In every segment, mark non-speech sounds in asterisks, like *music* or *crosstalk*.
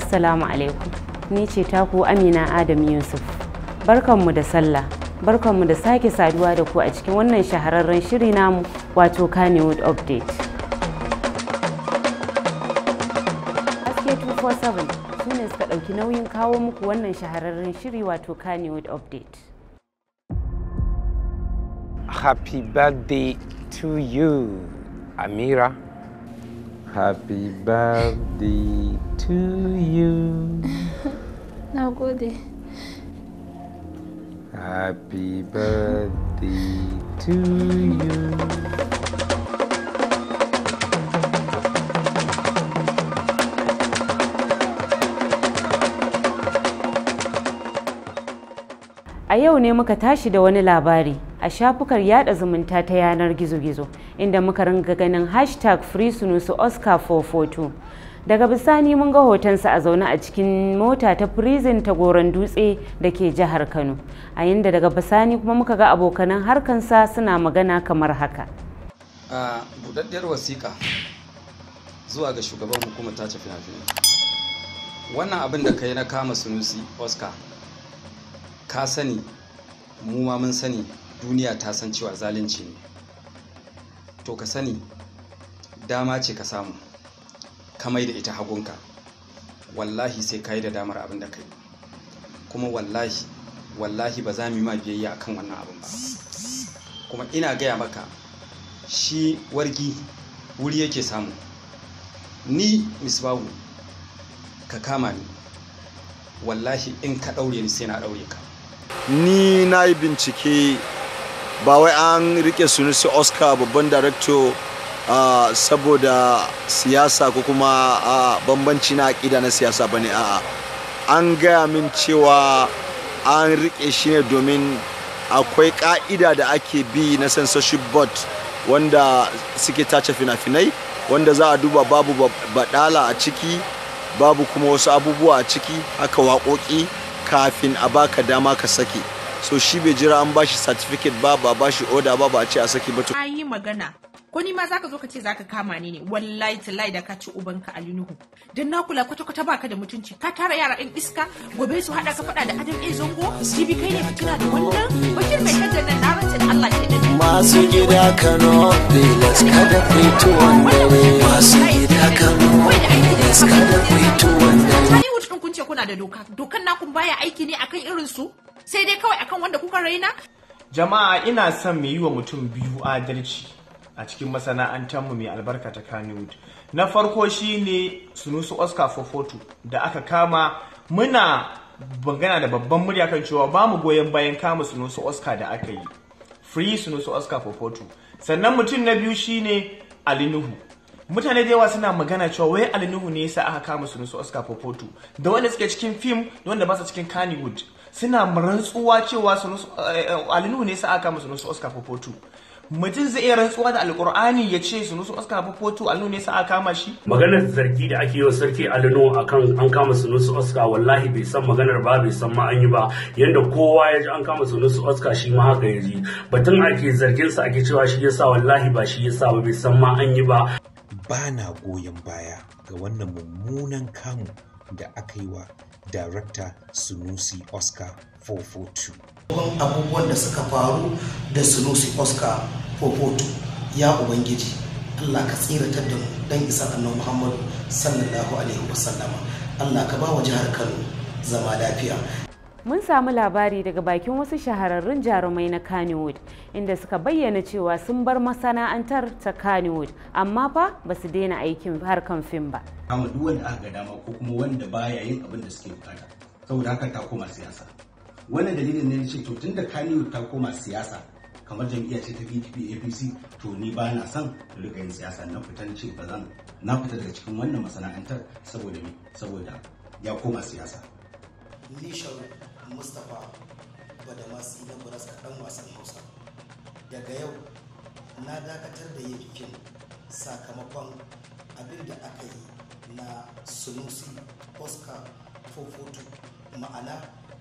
assalamu alaikum ni ce taku amina adam yusuf barkanmu da sallah barkanmu da sake saduwa da ku a cikin wannan shahararren shiri namu wato kanewood update haske 247 su suka ɗauki nauyin kawo muku wannan shahararren shiri wato kanewood update happy birthday to you amira happy birthday to you *laughs* na gode happy birthday to you a yau ne muka tashi da wani labari a shafukar yada zumunta ta yanar gizo-gizo inda muka ringa ganin hashtag free sunusu oscar 442 daga bisani mun ga hotonsa a zaune a cikin mota ta prison ta goron dutse da ke jihar kano a yinda daga bisani kuma muka ga abokanan harkansa suna magana kamar haka a budaddiyar wasiƙa zuwa ga shugaban hukumar ta fina-finai wannan abin da kai na kama sunusi oscar ka sani mu ma mun sani duniya ta san cewa zalunci ne to ka sani dama ce ka samu kamai da ita hagunka wallahi sai ka yi da damar abin da kai kuma wallahi wallahi ba za mu yi ma biyayya a kan wannan abin ba kuma ina gaya maka shi wargi wuri yake samu ni misbahu ka kama ni wallahi in ka ɗaure ni sai na ɗaure ka ni na yi bincike ba wai an rike sunusi oscar babban director uh, saboda siyasa ko kuma uh, bambanci na aƙida na siyasa bane ne a'a an gaya min cewa an rike shi ne domin akwai ka'ida da ake bi na censorship board wanda suke tace fina-finai wanda za a duba babu baɗala a ciki babu kuma wasu abubuwa a ciki haka waƙoƙi kafin a baka dama ka sake. so shi bai jira an bashi certificate ba ba bashi order ba ba a ce a saki ba to yi magana ko ni ma zaka zo ka ce zaka kama ni ne wallahi tallahi da ka ci ubanka alinuhu dan na kula kwata kwata baka da mutunci ka tara yara din iska gobe su hada ka fada da adam a zango bi kai ne fitina da wannan bakin mai kaddar da na Allah ke da masu gida Kano bilas kada fito dare masu gida Kano bilas kada fito dare kun ce kuna da doka dokan na kun baya aiki ne akan irin su sai dai kawai akan wanda kuka raina jama'a ina son mu yi wa mutum biyu adalci a cikin masana'antar mu mai albarka ta Kannywood na farko shine Sunusu Oscar Fofotu da aka kama muna bangana da babban murya kan cewa ba mu goyon bayan kama Sunusu Oscar da aka yi free Sunusu Oscar Fofotu sannan mutum na biyu shine Ali Nuhu mutane da yawa suna magana cewa wai alinuhu ne yasa aka kama su su oscar popoto da wanda suke cikin fim da wanda ba su cikin kannywood suna rantsuwa cewa eh, alinuhu ne yasa aka kama su su oscar popoto mutum zai iya rantsuwa da alkur'ani ya ce nusu oscar popoto alinuhu ne yasa aka kama shi maganar zargi da ake yi wa sarki alinuhu akan an kama nusu oscar wallahi bai san maganar ba bai san ma an yi ba yanda kowa ya ji an kama nusu oscar shi ma haka ya ji batun ake zargin sa ake cewa shi yasa wallahi ba shi yasa ba bai san ma an yi ba ba na goyon baya ga wannan mummunan kamu da aka yi wa darakta sunusi oscar 442 abubuwan da suka faru da sunusi oscar 442 ya ubangiji allah ka tsiratar da mu isa annabi muhammadu sallallahu alaihi wasallama allah ka ba wa jihar kano zama lafiya mun samu labari daga bakin wasu shahararrun jarumai na Kannywood inda suka bayyana cewa sun bar masana'antar ta Kannywood amma fa ba su daina aikin harkan fim ba. Kama duk wanda aka dama ko kuma wanda baya yin abin da suke bukata saboda haka ta koma siyasa. Wannan dalilin ne ce to tunda Kannywood ta koma siyasa kamar jam'iyya ce ta PDP APC to ni ba na son rika siyasa na fita ce ba zan na fita daga cikin wannan masana'antar saboda saboda ya koma siyasa. nishan mustapha badamasi na buraska dan wasan hausa daga yau na dakatar da yin fim sakamakon abin da aka yi na sunusi oscar fofoto ma'ana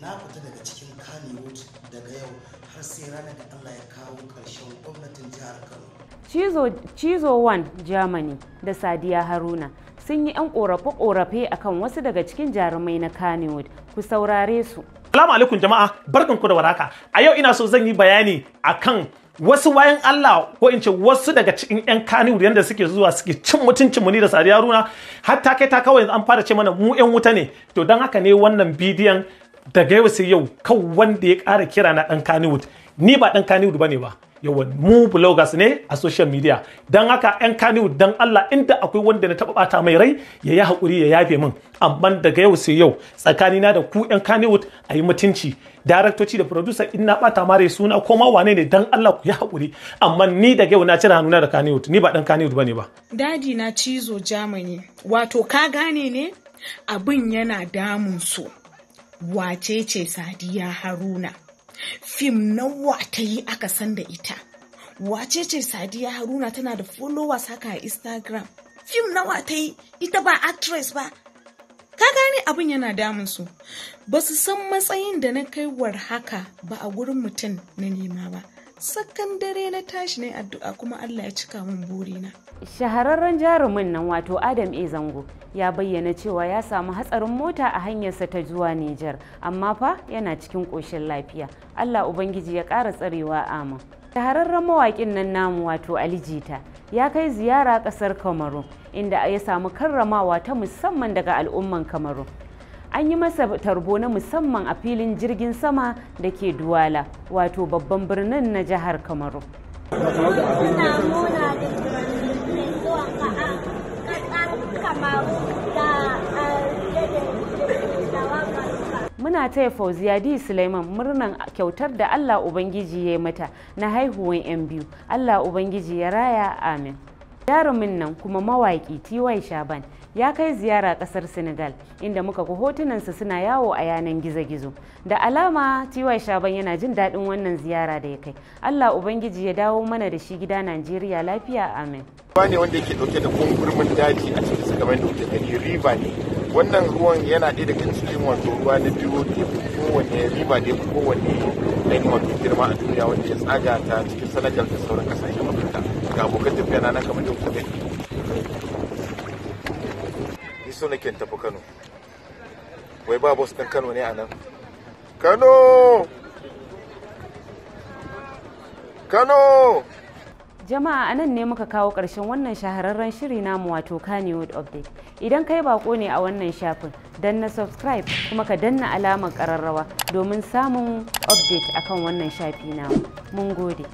na fita daga cikin kanewood daga yau har sai ranar da allah ya kawo ƙarshen gwamnatin jihar kano cizo 1 germany da sadiya haruna sun yi 'yan korafe a kan wasu daga cikin jarumai na Kannywood. Ku saurare su. Salamu alaikum jama'a, ku da waraka. A yau ina so zan yi bayani a kan wasu wayan Allah ko in ce wasu daga cikin yan kani yadda suke zuwa suke cin mutuncin mu ni da Sadiya Runa har ta kai ta kawai an fara ce mana mu yan wuta ne to don haka ne wannan bidiyon daga yau sai yau kan wanda ya kara kira na dan Kannywood ni ba dan Kannywood ne ba yawan mu bloggers ne a social media don haka yan kaniwu don Allah inda akwai wanda na taɓa bata mai rai ya yi hakuri ya yafe min amma daga yau sai yau tsakani na da ku yan kaniwu a yi mutunci daraktoci da producer in na bata mare suna ko ma wane ne don Allah ku yi hakuri amma ni daga yau na cire hannuna da kaniwu ni ba dan kaniwu bane ba daji na cizo germany wato ka gane ne abin yana damun su wace ce sadiya haruna fim nawa ta yi aka san da ita wace ce sadiya haruna tana da followers haka a instagram fim nawa ta yi ita ba actress ba ka gane abin yana damun su ba su san matsayin da na kaiwar haka ba a gurin mutum na nema ba Sakandare dare na tashi ne addu'a kuma Allah ya cika min burina. Shahararren jarumin nan wato Adam A Zango ya bayyana cewa ya samu hatsarin mota a hanyarsa ta zuwa Nijar amma fa yana cikin ƙoshin lafiya. Allah Ubangiji ya ƙara tsarewa amin. Shahararren mawaƙin nan namu wato Ali Jita ya kai ziyara ƙasar Kamaru inda ya samu karramawa ta musamman daga al'umman Kamaru. an yi masa tarbo na musamman a filin jirgin sama da ke duwala wato babban birnin na jihar kamaru muna taya fauziya di suleiman murnan kyautar da allah ubangiji ya yi mata na haihuwan 'yan biyu allah ubangiji ya raya amin jarumin nan kuma mawaƙi ty shaban ya kai ziyara kasar Senegal inda muka ga hotunansa suna yawo a yanan gizo-gizo. Da alama tiwa Shaban yana jin daɗin wannan ziyara da ya kai. Allah Ubangiji ya dawo mana da shi gida Najeriya lafiya amin. Ruwa ne wanda yake dauke da kunkurmin daji a cikin kamar da kuke gani riba ne. Wannan ruwan yana ɗaya daga cikin wato ruwa na biyu da kowanne riba ne kowanne ɗan wato girma a duniya wanda ya tsaga ta cikin Senegal da sauran ƙasashen Afirka. Ga abokan tafiya na kamar da kuke so nake tafi kano wai ba bus ɗin kano ne a kano kano jama'a anan ne muka kawo ƙarshen wannan shahararren shiri namu wato Kaniwood update idan kai bako ne a wannan shafin dan na subscribe kuma ka danna alamar ƙararrawa domin samun update akan wannan shafi namu mun gode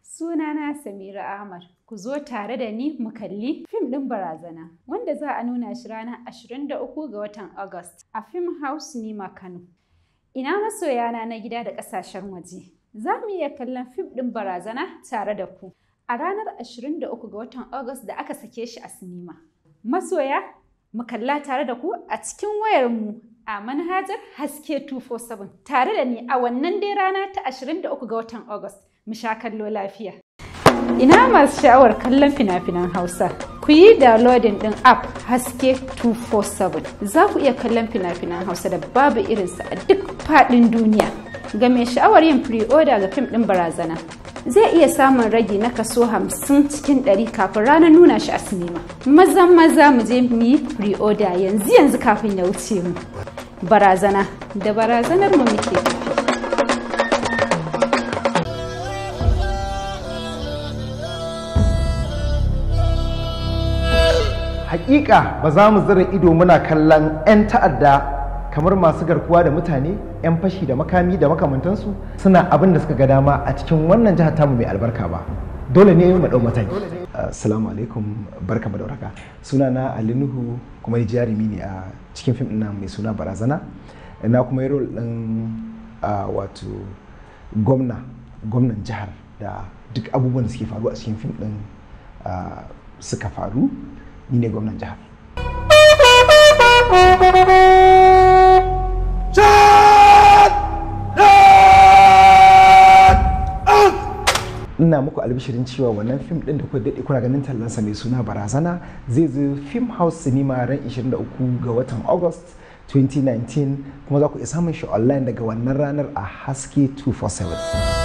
sunana samira ahmad ku zo tare da ni mu kalli fim ɗin barazana wanda za a nuna shi ranar 23 ga watan August a Film House Nima Kano. Ina masoyana na gida da ƙasashen waje. Za mu iya kallon fim ɗin barazana tare da ku a ranar 23 ga watan August da aka sake shi a sinima. Masoya, mu kalla tare da ku a cikin wayar mu a manhajar haske 247 tare da ni a wannan dai rana ta 23 ga watan August. Mu sha kallo lafiya. Ina masu sha'awar kallon fina-finan Hausa? Ku yi downloading din app Haske 247. Za ku iya kallon fina-finan Hausa da babu irinsa a duk faɗin duniya. Ga mai sha'awar yin pre-order ga fim ɗin barazana. Zai iya samun ragi na kaso 50 cikin 100 kafin ranar nuna shi a sinima. Maza maza mu je mu yi pre-order yanzu yanzu kafin ya wuce mu. Barazana da barazanar mu muke. hakika ba za mu zira ido muna kallon 'yan ta'adda kamar masu garkuwa da mutane 'yan fashi da makami da makamantansu suna abin da suka ga dama a cikin wannan jihar tamu mai albarka ba dole ne mu ɗau mataki assalamu alaikum barka da warhaka suna na alinuhu kuma ni jarumi ne a cikin fim ɗin mai suna barazana na kuma yi rol ɗin wato gwamna gwamnan jihar da duk abubuwan da suke faru a cikin fim ɗin suka faru ni ne gwamnan jihar ina muku albishirin cewa wannan fim din da kuka daɗe kuna ganin tallansa mai suna barazana zai zo film house cinema ran 23 ga watan august 2019 kuma za ku iya samun shi online daga wannan ranar a haske 247